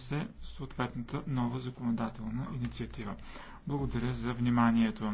се съответната нова законодателна инициатива. Благодаря за вниманието.